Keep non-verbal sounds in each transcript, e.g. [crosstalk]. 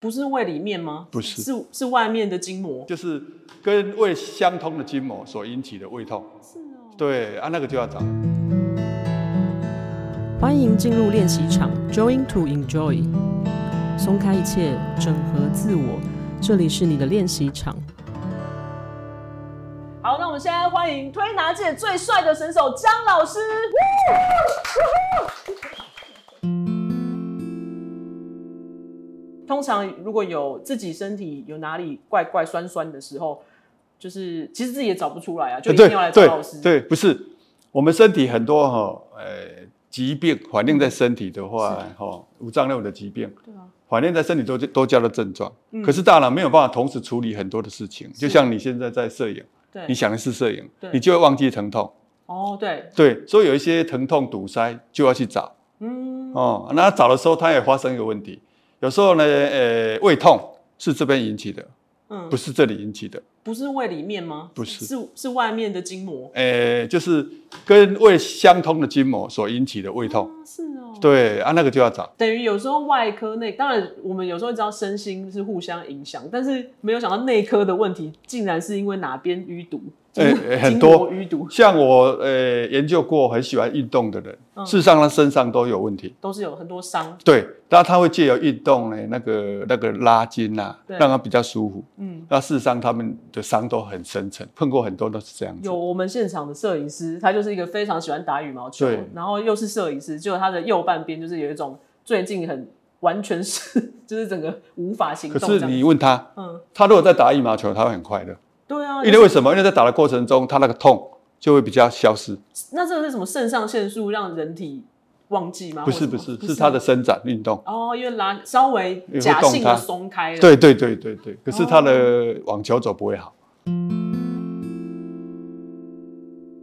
不是胃裡面嗎？不是，是是外面的筋膜，就是跟胃相通的筋膜所引起的胃痛。是哦，對啊，那個就要找。歡迎進入練息場，Join To Enjoy，鬆開一切，整合自我，這裡是你的練息場。好，那我們現在歡迎推拿界最帥的神手江老師。通常如果有自己身體有哪裡怪怪酸酸的時候，就是其實自己也找不出來啊，就一定要來找老師。嗯、對，對，對，不是我們身體很多哈、呃，疾病反映在身體的話，哈、哦，五臟六腑的疾病，對啊，反映在身體都都交了症狀、嗯。可是大腦沒有辦法同時處理很多的事情，就像你現在在攝影，對你想的是攝影，對，你就會忘記疼痛。哦，對對，所以有一些疼痛堵塞就要去找。嗯，哦，那找的時候它也發生一個問題。有時候呢，欸，胃痛是這邊引起的，嗯，不是這裡引起的，不是胃裡面嗎？不是，是是外面的筋膜，欸，就是跟胃相通的筋膜所引起的胃痛，啊，是哦，對啊，那個就要找，等於有時候外科內，當然我們有時候知道身心是互相影響，但是沒有想到內科的問題竟然是因為哪邊淤堵。誒、欸欸，很多像我，誒、欸，研究過很喜歡運動的人，嗯，事實上他身上都有問題，都是有很多傷。對，但他會借由運動呢，那個那個拉筋吶、啊，讓他比較舒服。嗯，那事實上他們的傷都很深沉，碰過很多都是這樣子。有我們現場的攝影師，他就是一個非常喜歡打羽毛球，然後又是攝影師，就他的右半邊就是有一種最近很完全是就是整個無法行動。可是你問他，嗯，他如果在打羽毛球，他會很快樂。因為為什麼？因為，在打的過程中，他那個痛就會比較消失。那這是什麼？腎上腺素讓人體忘記嗎？不是，不是，不是，是他的伸展運動。哦，因為拉稍微假性的鬆開了。對，對，對，對，對，對，對，對，對。可是他的網球肘不會好。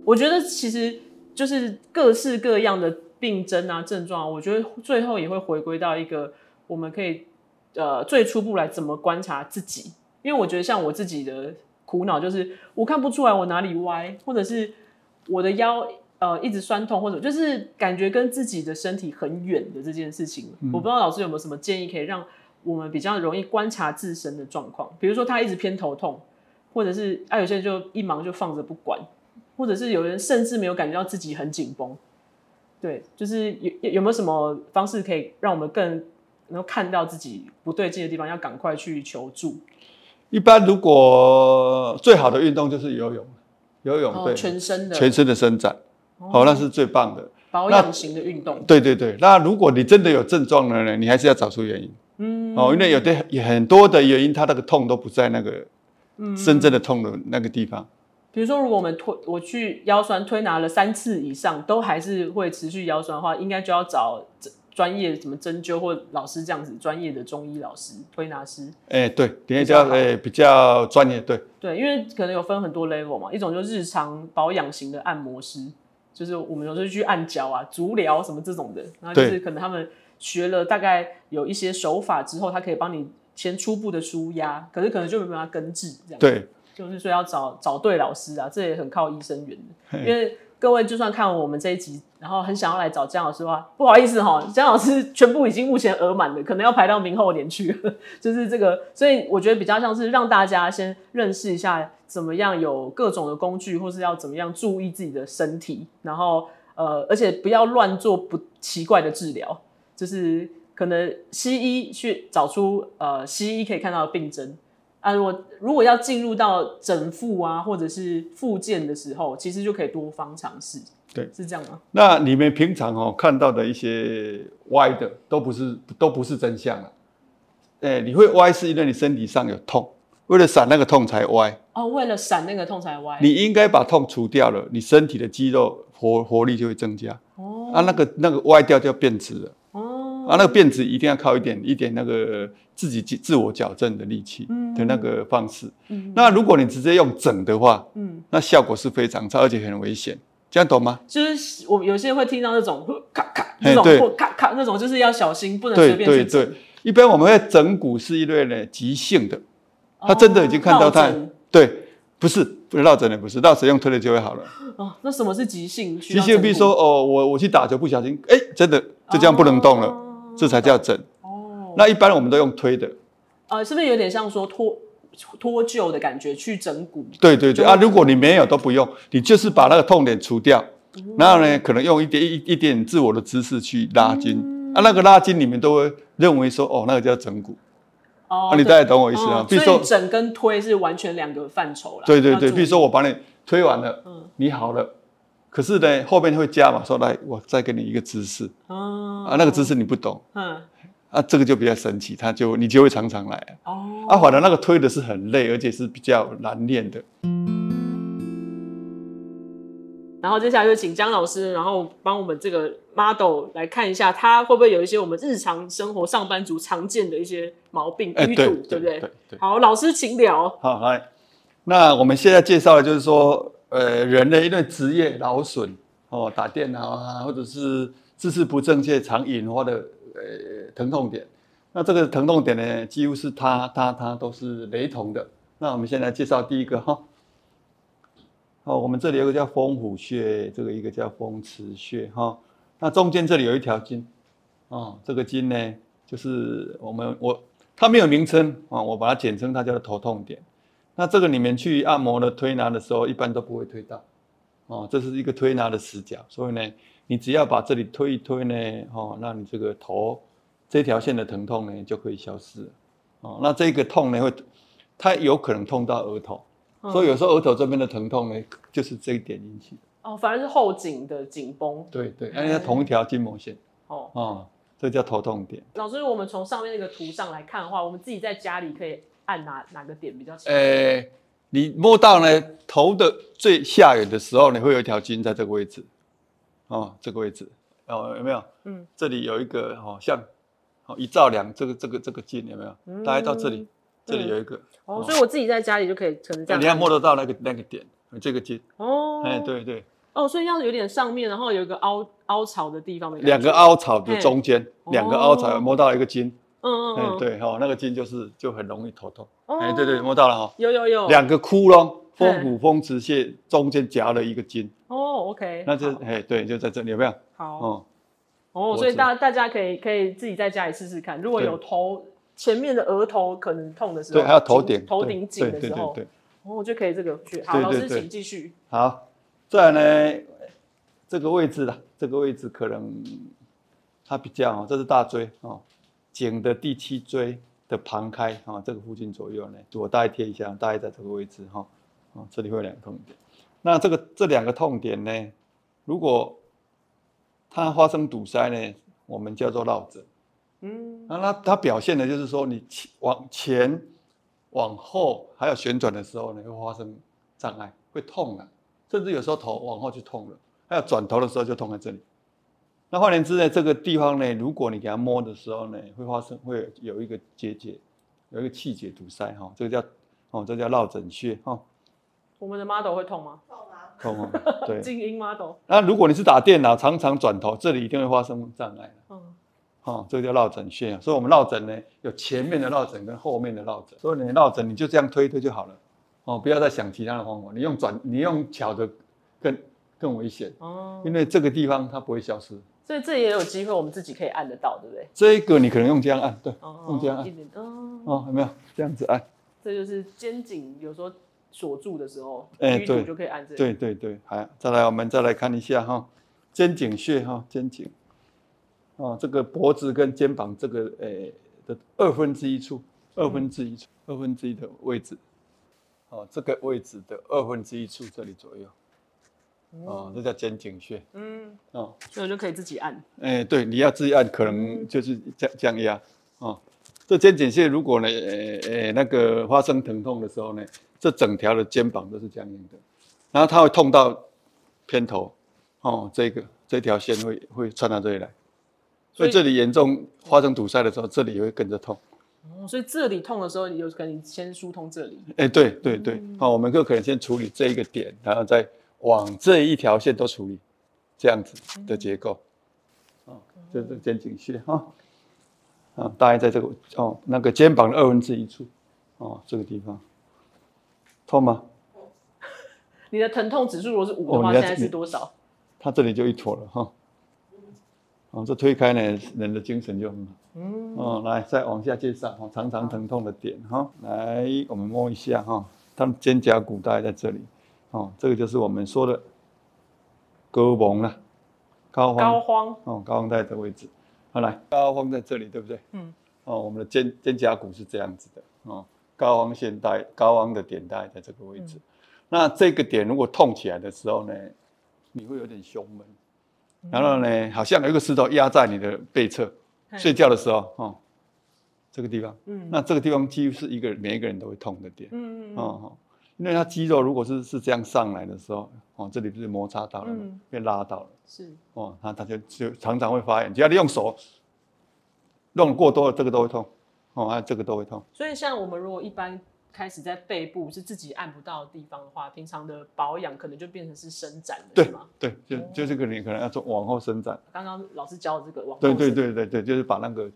我覺得其實就是各式各樣的病症啊、症狀，我覺得最後也會回歸到一個我們可以呃最初步來怎麼觀察自己。因為我覺得像我自己的。苦惱就是我看不出來我哪裡歪，或者是我的腰呃一直痠痛，或者就是感覺跟自己的身體很遠的這件事情。嗯。我不知道老師有沒有什麼建議，可以讓我們比較容易觀察自身的狀況。比如說他一直偏頭痛，或者是啊，有些人就一忙就放着不管，或者是有人甚至沒有感覺到自己很緊繃。對，就是有，有沒有什麼方式可以讓我們更能夠看到自己不對勁的地方，要趕快去求助。一般如果最好的運動就是游泳，游泳對全身的全身的伸展，哦，哦，那是最棒的保養型的運動。對對對，那如果你真的有症狀了呢，你還是要找出原因。嗯，哦，因為有的有很多的原因，他那個痛都不在那個真正的痛的那個地方。嗯，比如說，如果我們推我去腰酸推拿了三次以上，都還是會持續腰酸的話，應該就要找專業什麼針灸或老師這樣子專業的中醫老師、推拿師，哎、欸，對，比較，哎、欸，比較專業，對，對，因為可能有分很多 level 嘛，一種就是日常保養型的按摩師，就是我們有時候去按腳啊、足療什麼這種的，然後就是可能他們學了大概有一些手法之後，他可以幫你先初步的舒壓，可是可能就沒辦法根治這樣，對，就是說要找找對老師啊，這也很靠醫生緣的，因為。各位就算看完我們這一集，然後很想要來找江老師的話，不好意思哈，江老師全部已經目前額滿了，可能要排到明後年去。就是這個，所以我覺得比較像是讓大家先認識一下，怎麼樣有各種的工具，或是要怎麼樣注意自己的身體，然後呃，而且不要亂做不奇怪的治療，就是可能西醫去找出呃西醫可以看到的病症。啊、我如果要進入到整復啊或者是復健的時候，其實就可以多方嘗試。對，是這樣嗎？那你們平常哦看到的一些歪的，都不是，都不是真相啊。哎、欸，你會歪是因為你身體上有痛，為了閃那個痛才歪。哦，為了閃那個痛才歪。你應該把痛除掉了，你身體的肌肉活活力就會增加。哦，啊，那個那個歪掉就要變直了。啊，那個辮子一定要靠一點一點那個自己自我矯正的力氣的、嗯、那個方式。嗯，那如果你直接用整的話，嗯、那效果是非常差，而且很危險。這樣懂嗎？就是我有些人會聽到那種咔咔，那種咔咔，那種就是要小心，不能隨便去整。對對對。一般我們會整骨是一類呢急性的，哦，他真的已經看到他。對，不是，落枕的，不是落枕用推的就會好了。哦，那什麼是急性？急性比如說哦，我我去打球不小心，哎，真的就這樣不能動了。哦這才叫整。哦。那一般我們都用推的。呃，是不是有點像說脫脫臼的感覺去整骨？對對對啊！如果你沒有都不用，你就是把那個痛點除掉，嗯、然後呢，可能用一點一一,一點自我的姿勢去拉筋、嗯、啊，那個拉筋裡面都會認為說哦，那個叫整骨。哦，啊、你大概懂我意思啊？所、嗯、比如說所以整跟推是完全兩個範疇啦。對對對，比如說我把你推完了，嗯、你好了。可是呢，後面會加嘛？說來，我再給你一個姿勢哦，啊，那個姿勢你不懂，嗯，啊，這個就比較神奇，他就你就會常常來、啊、哦。阿、啊、反而那個推的是很累，而且是比較難練的。然後接下來就請江老師，然後幫我們這個 model 來看一下，他會不會有一些我們日常生活上班族常見的一些毛病、淤堵，對不對，對，對，對？好，老師請聊。好來，那我們現在介紹的就是說。呃，人的一段職業勞損，哦，打電腦啊，或者是姿勢不正確，常引發的呃疼痛點。那這個疼痛點呢，幾乎是他、他、他都是雷同的。那我們先來介紹第一個哈、哦。哦，我們這裡有一個叫風府穴，這個一個叫風池穴哈、哦。那中間這裡有一條筋，哦，這個筋呢，就是我們我它沒有名稱啊、哦，我把它簡稱它叫做頭痛點。那這個裡面去按摩的推拿的時候，一般都不會推到哦，這是一個推拿的死角。所以呢，你只要把這裡推一推呢，吼、哦，那你這個頭這條線的疼痛呢，就可以消失了哦。那這個痛呢會，它有可能痛到額頭、嗯，所以有時候額頭這邊的疼痛呢，就是這一點引起的哦，反而是後頸的緊繃，對對，而且它同一條筋膜線、嗯、哦，這、哦、叫頭痛點。老師，我們從上面那個圖上來看的話，我們自己在家裡可以。按哪哪個點比較？呃、欸，你摸到呢頭的最下緣的時候，你會有一條筋在這個位置，哦，這個位置，哦，有沒有？嗯，這裡有一個，好、哦、像哦，一兆兩，這個這個這個筋有沒有？大概到這裡，嗯、這裡有一個、嗯哦。哦，所以我自己在家裡就可以，可能這樣。你要摸得到那個那個點，這個筋。哦，哎、欸，對對。哦，所以要是有點上面，然後有一個凹凹槽的地方的。兩個凹槽的中間，兩、欸、個凹槽摸到一個筋。嗯嗯嗯，對哈、哦，那個筋就是就很容易頭痛。哎、哦欸，對對，摸到了哈、哦。有有有。兩個窟窿，風府風池穴中間夾了一個筋。哦，OK。那就哎對，就在這裡有沒有？好。哦、嗯，哦，所以大大家可以可以自己在家裡試試看，如果有頭前面的額頭可能痛的時候，對，還有頭頂，頭頂緊的時候，對，對對對。哦，就可以這個去。好對對對、對。老師，請繼續。好，再來呢，這個位置啦這個位置可能它比較哦，這是大椎哦。頸的第七椎的旁開啊、哦，這個附近左右呢，我大概貼一下，大概在這個位置哈，啊、哦哦，這裡會有兩個痛點。那這個這兩個痛點呢，如果它發生堵塞呢，我們叫做落枕。嗯，那、啊、它它表現的就是說，你往前往後還有旋轉的時候呢，會發生障礙，會痛了、啊，甚至有時候頭往後就痛了，還有轉頭的時候就痛在這裡。那換言之呢，這個地方呢，如果你給它摸的時候呢，會發生會有一個結節，有一個氣結堵塞哈，這個叫哦，這個、叫落枕穴哈。我們的 model 會痛嗎？痛啊。對。靜音 model？那、啊、如果你是打電腦，常常轉頭，這裡一定會發生障礙。嗯。哦，這個叫落枕穴。所以我們落枕呢，有前面的落枕跟後面的落枕。所以你落枕你就這樣推推就好了，哦，不要再想其他的方法。你用轉，你用巧的更更危險。哦、嗯。因為這個地方它不會消失。所以這也有機會，我們自己可以按得到，對不對？這一個你可能用這樣按，對，哦、用這樣按。哦哦，有、哦、沒有這樣子按？這就是肩頸有時候鎖住的時候，淤、欸、堵就可以按這裡。對對對，好，再來我們再來看一下哈、哦，肩頸穴哈、哦，肩頸。哦，這個脖子跟肩膀這個誒的二分之一處，二、嗯、分之一處，二分之一的位置。哦，這個位置的二分之一處，這裡左右。哦，這叫肩井穴。嗯，哦，所以就可以自己按。哎、欸，對，你要自己按，可能就是降、嗯、降壓。哦，這肩井穴如果呢、欸欸，那個發生疼痛的時候呢，這整條的肩膀都是僵硬的，然後它會痛到偏頭。哦，這一個這條線會會穿到這裡來，所以這裡嚴重發生堵塞的時候，嗯、這裡也會跟着痛。哦、嗯，所以這裡痛的時候，你就可能先疏通這裡。哎、欸，對對對。好、嗯哦，我們就可能先處理這一個點，然後再。往這一條線都處理，這樣子的結構，哦，這是肩頸線哈，啊、哦哦，大概在這個哦那個肩膀的二分之一處，哦，這個地方痛嗎？你的疼痛指數如果是五的話、哦的，現在是多少？它這裡就一坨了哈，哦，這、哦、推開呢，人的精神就很好。嗯，哦、來再往下介紹哈、哦，常常疼痛的點哈、哦，來我們摸一下哈、哦，他的肩胛骨大概在這裡。哦，這個就是我們說的膏肓了，高高高，哦，膏肓帶的位置。好，來膏肓在這裡，對不對？嗯。哦，我們的肩肩胛骨是這樣子的哦，膏肓線帶膏肓的點帶在這個位置，嗯。那這個點如果痛起來的時候呢，你會有點胸悶，然後呢，好像有一個石頭壓在你的背側，嗯，睡覺的時候哦，這個地方，嗯，那這個地方幾乎是一個每一個人都會痛的點，嗯嗯嗯。哦。因為它肌肉如果是是這樣上來的時候，哦，這裡不是摩擦到了，嗯，被拉到了，是哦，它他就就常常會發炎。只要你用手弄過多了，這個都會痛，哦、啊，這個都會痛。所以像我們如果一般開始在背部是自己按不到的地方的話，平常的保養可能就變成是伸展的，對嗎？對，就就這個你可能要做往後伸展。剛剛老師教的這個，往後伸展。對對對對對，就是把那個。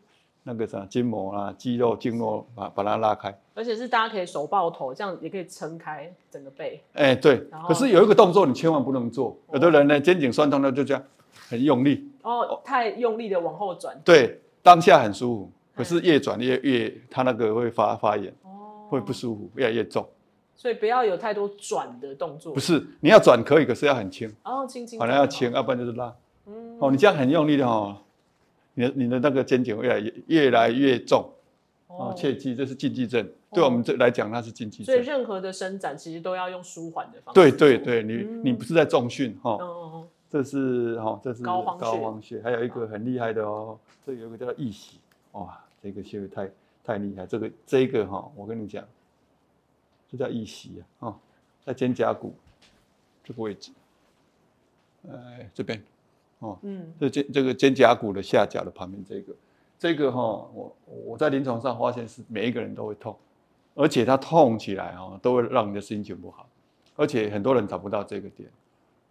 那個啥筋膜啊、肌肉、經絡、啊，把把它拉開。而且是大家可以手抱頭，這樣也可以撐開整個背。哎、欸，對。可是有一個動作你千萬不能做，哦、有的人呢肩頸痠痛呢就這樣很用力。哦，太用力的往後轉、哦。對，當下很舒服，可是越轉越越他那個會發發炎、哦，會不舒服，越來越重。所以不要有太多轉的動作。不是，你要轉可以，可是要很輕。哦，輕輕。反正要輕，要不然就是拉、嗯。哦，你這樣很用力的哈、哦。你的你的那個肩頸越來越越來越重哦，哦，切記，這是禁忌症，哦。對我們這來講，那是禁忌症。所以任何的伸展其實都要用舒緩的方式。對對對，你，嗯、你不是在重訓哈，哦嗯嗯嗯。哦，這是哈、這是膏肓穴。還有一個很厲害的哦，啊，這有一個叫譩譆哇，這個穴位太太厲害。這個這一個哈，哦，我跟你講，這叫譩譆啊，哦，在肩胛骨這個位置，哎，這邊。哦，嗯，這肩這個肩胛骨的下角的旁邊這個，這個哈、哦，我我在臨床上發現是每一個人都會痛，而且它痛起來哈、哦，都會讓人的心情不好，而且很多人找不到這個點，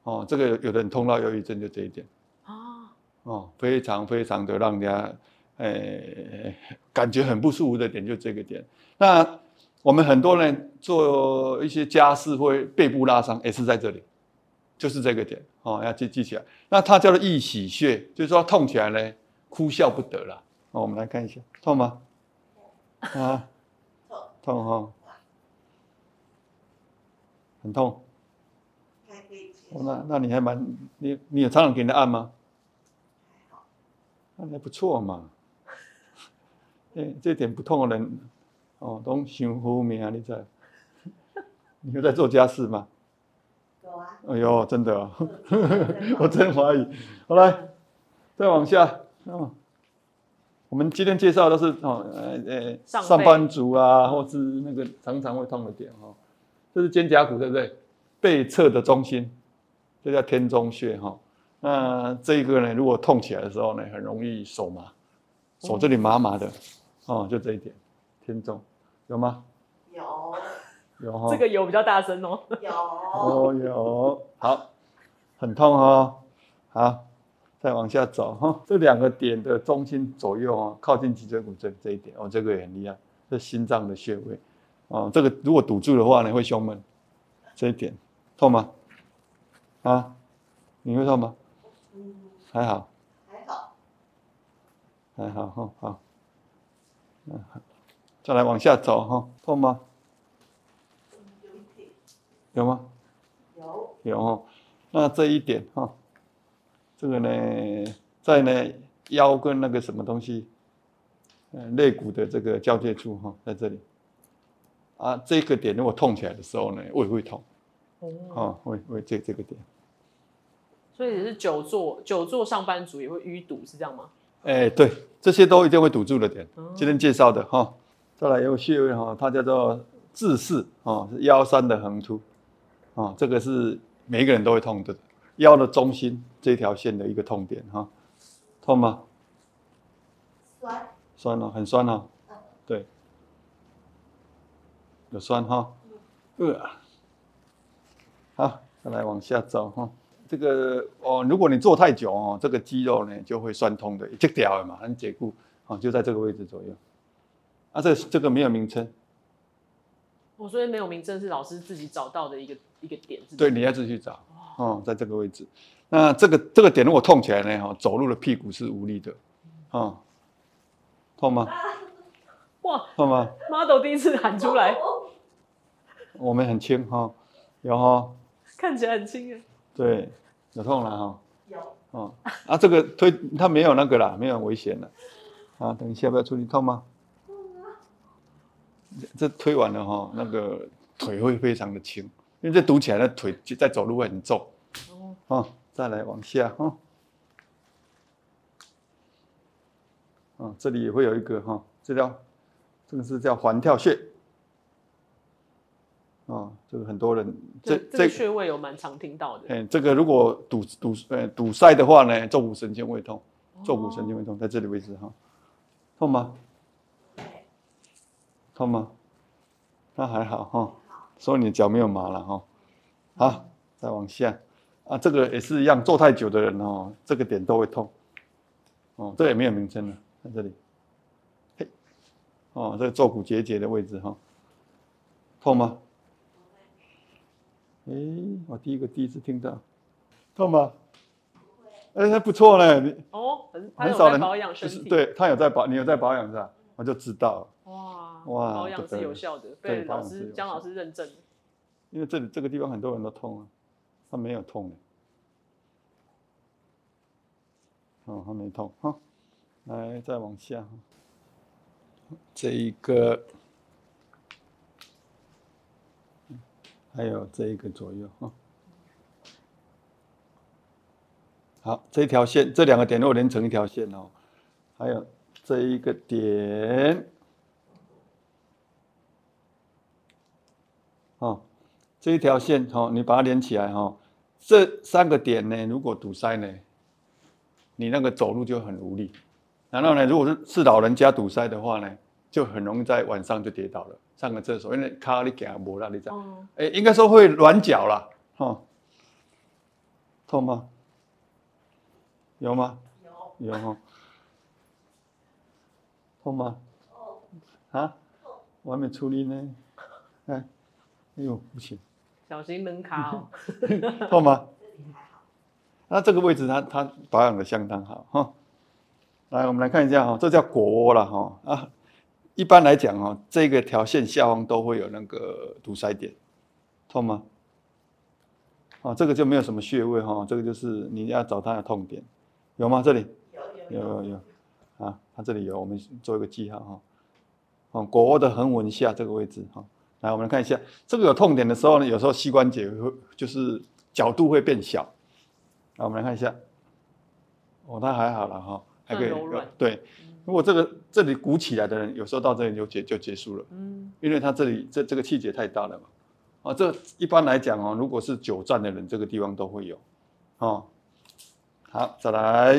哦，這個有的人痛到憂鬱症就這一點，哦，哦，非常非常的讓人家誒、欸、感覺很不舒服的點就這個點，那我們很多人做一些家事會背部拉傷，也是在這裡。就是這個點哦，要記記起來。那它叫做“易喜穴”，就是說痛起來呢，哭笑不得了。哦、我們來看一下，痛嗎？ [laughs] 啊，痛，痛、哦、哈，很痛。哦、那那你還蠻你你有常常給人按嗎？按 [laughs] 還不錯嘛。欸、這這點不痛的人，哦，都享好命啊！你在， [laughs] 你又在做家事嗎？哎呦，真的、哦， [laughs] 我真懷疑。好來，再往下，哦，我們今天介紹的都是哦，呃上，上班族啊，或是那個常常會痛的點哈、哦，這是肩胛骨對不對？背側的中心，這叫天宗穴哈、哦。那這一個呢，如果痛起來的時候呢，很容易手麻，手這裡麻麻的、嗯，哦，就這一點，天宗，有嗎？.有、哦、這個有比較大聲哦，哦， [laughs] 哦，有哦有，好，很痛哦，好，再往下走哈，這兩個點的中心左右啊，靠近脊椎骨這這一點哦，這個也很厲害，這心臟的穴位，哦，這個如果堵住的話呢，會胸悶，這一點痛嗎？啊，你會痛嗎？還好，還好，還好哈，好，嗯、哦、好，再來往下走哈、哦，痛嗎？有嗎？有有、哦、那這一點哈、哦，這個呢，在呢腰跟那個什麼東西，呃、肋骨的這個交界處哈、哦，在這裡，啊，這個點如果痛起來的時候呢，胃會痛，嗯、哦，會會這這個點，所以也是久坐久坐上班族也會淤堵，是這樣嗎？哎，對，這些都一定會堵住的點、嗯。今天介紹的哈、哦，再來一個穴位哈，它叫做志室啊，是腰三的橫突。哦，這個是每一個人都會痛的腰的中心這條線的一個痛點哈、哦，痛嗎？What? 酸酸、哦、了，很酸哦。Uh. 對，有酸哈、哦。餓、uh. 啊！好，再來往下走哈、哦。這個哦，如果你坐太久哦，這個肌肉呢就會酸痛的，一直掉條的嘛，很解固哦，就在這個位置左右。啊，這個、這個沒有名稱。我說的沒有名稱，是老師自己找到的一個。一個點，對，你要自己去找，哦、嗯，在這個位置。那這個這個點如果痛起來呢，哈，走路的屁股是無力的，哦、嗯，痛嗎、啊？哇，痛嗎？Model 第一次喊出來，哦、我們很輕哈、哦，有哈、哦？看起來很輕耶。對，有痛了哈、哦啊。有。哦、嗯，啊，這個推它沒有那個啦，沒有危險了啊，等一下不要出去痛嗎痛、啊？這推完了哈，那個腿會非常的輕。因為這堵起來呢，腿就在走路會很重。哦，再來往下哈。嗯、哦哦，這裡也會有一個哈、哦，這叫這個是叫環跳穴。啊、哦，就、這、是、個、很多人這這個、穴位有蠻常聽到的。嗯，這個如果堵堵呃堵塞的話呢，坐骨神經會痛，坐骨神經會痛、哦，在這裡位置哈。痛嗎？痛嗎？那還好哈。哦所以你的腳沒有麻了哈、哦，好，再往下啊，這個也是一樣，坐太久的人哦，這個點都會痛。哦，這個、也沒有名稱了，看這裡。嘿，哦，這個坐骨結節的位置哈、哦，痛嗎？欸？我第一個第一次聽到，痛嗎？哎、欸，還不錯呢，你哦，很很少人保養、就是對，他有在保，你有在保養吧是是？我就知道了哇。哇保養是有效的，對對被老師江老師認證的。因為這裡這個地方很多人都痛啊，他沒有痛的。哦，他沒痛哈，來再往下，這一個，還有這一個左右哈、嗯。好，這條線這兩個點如果連成一條線哦，還有這一個點。這一條線，哈、哦，你把它連起來，哈、哦，這三個點呢，如果堵塞呢，你那個走路就很無力。然後呢，如果是是老人家堵塞的話呢，就很容易在晚上就跌倒了，上個廁所，因為卡那裡磨不你裡走，哎、嗯，欸，應該說會軟腳了，哈、哦，痛嗎？有嗎？有，有、哦、 [laughs] 痛嗎？啊？我還沒出力呢，哎，哎呦，不行！小心能卡哦，痛嗎？ [laughs] 那這個位置它，它它保養的相當好哈。來，我們來看一下哈、喔，這叫膕窩了哈啊。一般來講哈、喔，這個條線下方都會有那個堵塞點，痛嗎？哦、喔，這個就沒有什麼穴位哈、喔，這個就是你要找它的痛點，有嗎？這裡有有有，有啊，它這裡有，我們做一個記號哈。哦、喔，膕窩的橫紋下這個位置哈。來，我們來看一下，這個有痛點的時候呢，有時候膝關節會就是角度會變小。來，我們來看一下，哦，那還好了哈，還可以。柔軟。對、嗯，如果這個這裡鼓起來的人，有時候到這裡就結就結束了。嗯、因為他這裡這這個氣結太大了嘛。哦，這一般來講哦，如果是久站的人，這個地方都會有。哦，好，再來，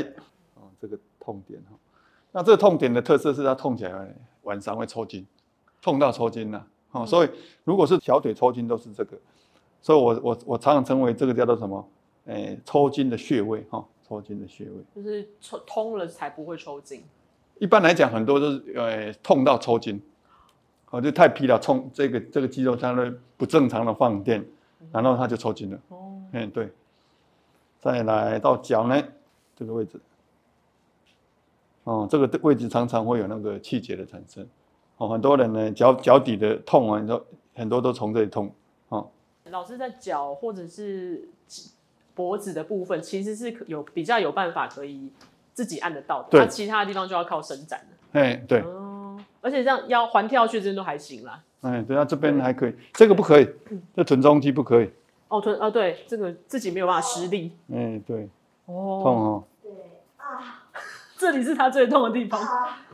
哦，這個痛點哈、哦，那這個痛點的特色是它痛起來呢，晚上會抽筋，痛到抽筋了、啊。哦，所以如果是小腿抽筋，都是這個，所以我我我常常稱為這個叫做什麼？誒、欸，抽筋的穴位哈、哦，抽筋的穴位就是抽，通了才不會抽筋。一般來講，很多都、就是誒、欸、痛到抽筋，哦，就太疲勞，衝這個這個肌肉它的不,不正常的放電，然後它就抽筋了。哦、嗯嗯，對。再來到腳呢這個位置，哦，這個位置常常會有那個氣結的產生。哦，很多人呢腳腳底的痛啊，你很多都從這裡痛。哦，老師在腳或者是脖子的部分，其實是有比較有辦法可以自己按得到的，那、啊、其他地方就要靠伸展了。對。哦、嗯，而且這樣腰環跳這邊都還行啦。哎，對啊，這邊還可以，這個不可以，這臀中肌不可以。哦，臀啊、呃，對，這個自己沒有辦法施力。哎，對。哦。痛哦這裡是他最痛的地方，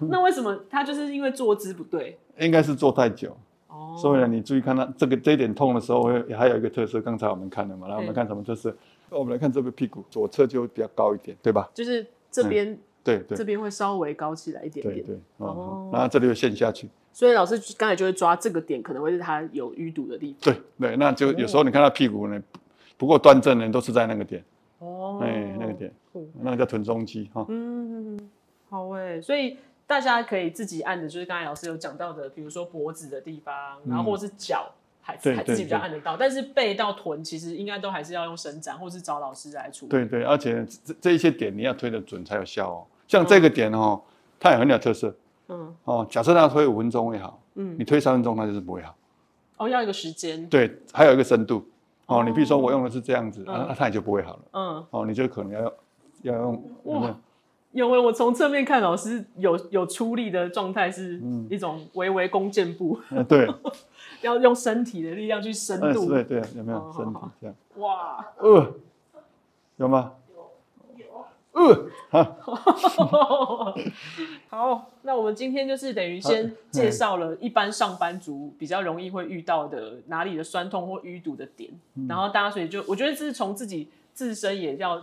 那為什麼他？就是因為坐姿不對，應該是坐太久。哦，所以呢，你注意看他這個這一點痛的時候會，會還有一個特色。剛才我們看了嘛，來、哎、我們看什麼特色？我們來看這個屁股，左側就會比較高一點，對吧？就是這邊，嗯、對對，這邊會稍微高起來一點點。對對。哦。然後這裡會陷下去。所以老師剛才就會抓這個點，可能會是他有淤堵的地方。對對，那就有時候你看他屁股呢，不過端正呢，都是在那個點。那個叫臀中肌哈、哦。嗯，好，哎，所以大家可以自己按的就是剛才老師有講到的，比如說，脖子的地方，然後或是腳，還還自己比較按得到，嗯、對對對，但是背到臀其實應該都還是要用伸展，或是找老師來處理。對對，對，而且這這一些點你要推得準才有效哦。像這個點哦，嗯、它也很有特色。嗯。哦，假設它推五分鐘會好，嗯，你推三分鐘它就是不會好。哦，要一個時間。對，還有一個深度。哦，你比如說我用的是這樣子，那、嗯啊、也就不會好了。嗯。哦，你就可能要。要用有有哇，有沒有我從側面看，老師有有出力的狀態是一種微微弓箭步，嗯呵呵呃。對，要用身體的力量去深入，對、欸、對，有沒有、哦、身體這樣？哇，呃，有嗎？有，有啊、呃，好、啊， [laughs] 好，那我們今天就是等於先介紹了，一般上班族比較容易會遇到的哪裡的酸痛或淤堵的點，嗯，然後大家所以就我覺得這是從自己自身也要。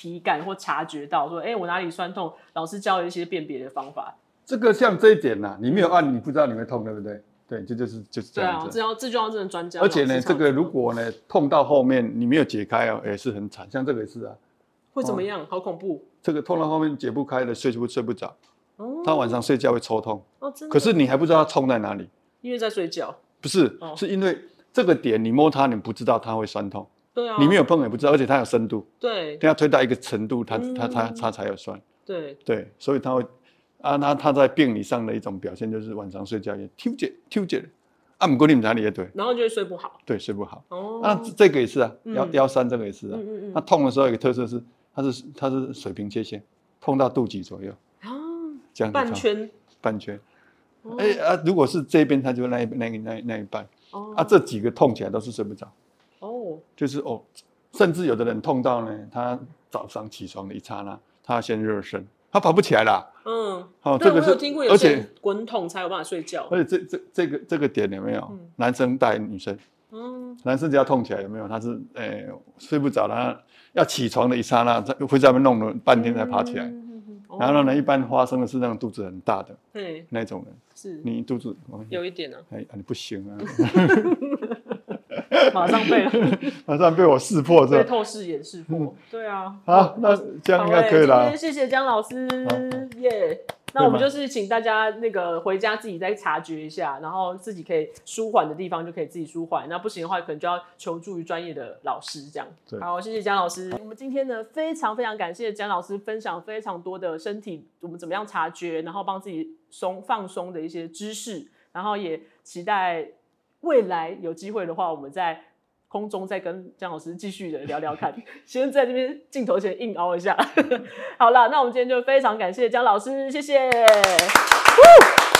體感或察覺到說，哎，我哪裡酸痛，老師教一些辨別的方法。這個像這一點吶、啊，你沒有按，你不知道你會痛，對不對？對，這就，就是就是這樣子。對啊、啊、這句是專家。而且呢，這個如果呢痛到後面你沒有解開哦，也是很慘。像這個也是啊，會怎麼樣？哦，好恐怖！這個痛到後面解不開了，睡就會睡不着、哦。他晚上睡覺會抽痛。哦、真的，可是你還不知道他痛在哪裡，因為在睡覺。不是、哦，是因為這個點你摸他，你不知道他會酸痛。裡面、啊、有碰也不知道，而且它有深度，對，等下推到一個程度，它、嗯、它它它才有酸，對對，所以它會啊，那它,它在病理上的一種表現就是晚上睡覺也 t 突厥突厥，啊，骨力不咋地也對，然後就會睡不好，對，睡不好，哦，啊、那這個也是啊，嗯、腰腰酸這個也是啊，嗯嗯嗯，嗯那痛的時候有一個特色是，它是它是水平切線，痛到肚臍左右啊，這樣半圈半圈，哎、哦欸、啊，如果是這邊，它就那一那一那一那一半，哦，啊這幾個痛起來都是睡不着。就是哦，甚至有的人痛到呢，他早上起床的一剎那，他先熱身，他跑不起來了。嗯，好、哦，這個是。而且滾筒才有辦法睡覺。而且,而且這這這個這個點有沒有？嗯、男生帶女生，嗯，男生只要痛起來有沒有？他是誒、欸、睡不着了，要起床的一剎那，回在會在外面弄了半天才爬起來。嗯、然後呢，嗯、一般發生的是那種肚子很大的，對，那種人是。你肚子有一點啊？哎，啊、你不行啊！ [laughs] [laughs] 馬上被 [laughs] 馬上被我識破，這被透視眼識破，嗯。對啊，好，啊啊，那這樣應該可以了。謝謝江老師，耶，yeah。那我們就是請大家那個回家自己再察覺一下，然後自己可以舒緩的地方就可以自己舒緩，那不行的話可能就要求助於專業的老師這樣。好，謝謝江老師。我們今天呢非常非常感謝江老師分享非常多的身體我們怎麼樣察覺，然後幫自己鬆放鬆的一些知識，然後也期待。未來有機會的話，我們在空中再跟江老師繼續的聊聊看。 [laughs] 先在這邊鏡頭前硬凹一下， [laughs] 好啦，那我們今天就非常感謝江老師，謝謝。 [laughs]